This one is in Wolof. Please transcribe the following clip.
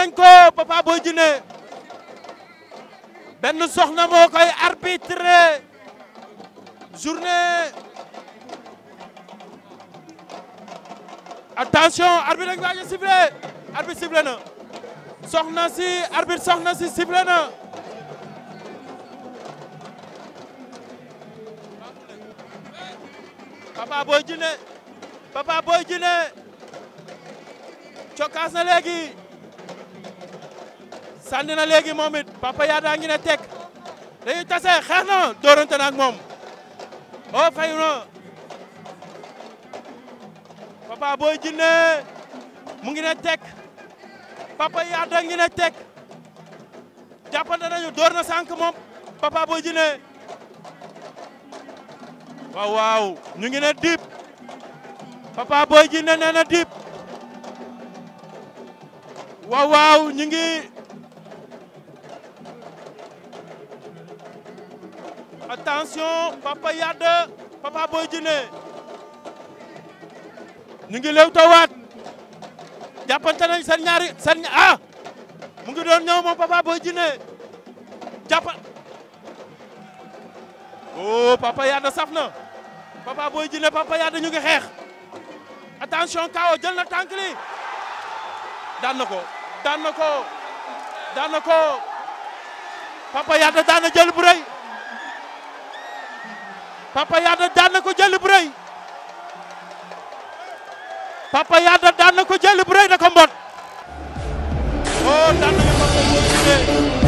nañ ko Papa Boy Djiné benn soxna moo koy arbitré journée attention arbitre dañ waaja arbitre sifflé na si arbitre soxna si sifflé Papa Boy Papa Boy Djiné na léegi sànni na léegi moom it Papa Yada ngi tek dañuy tase xeex na dóorante na ak moom oh fayu na Papa Boy ngi ne tek Papa Yada ngi ne tek jàppante nañu dóor na sànq moom Papa Boy Djiné waaw waaw ñu ngi ne diip Papa Boy attention Papa Yade Papa Boy Djiné ñu ngi lew tawaat jàppante nañ seen ñaari seen ah mu ngi doon ñëw moom Papa Boy Djiné jàppa oh Papa Yade saf na Papa Boy Djiné Papa Yade ñu ngi attention Kaaw jël na tànk li daan na ko daan na ko daan na Papa Yade daan na jël bu Papa Yada daan na ko jël bu rëy Papa Yada daan na ko jël bu rëy da ko oh, daan na ko mbot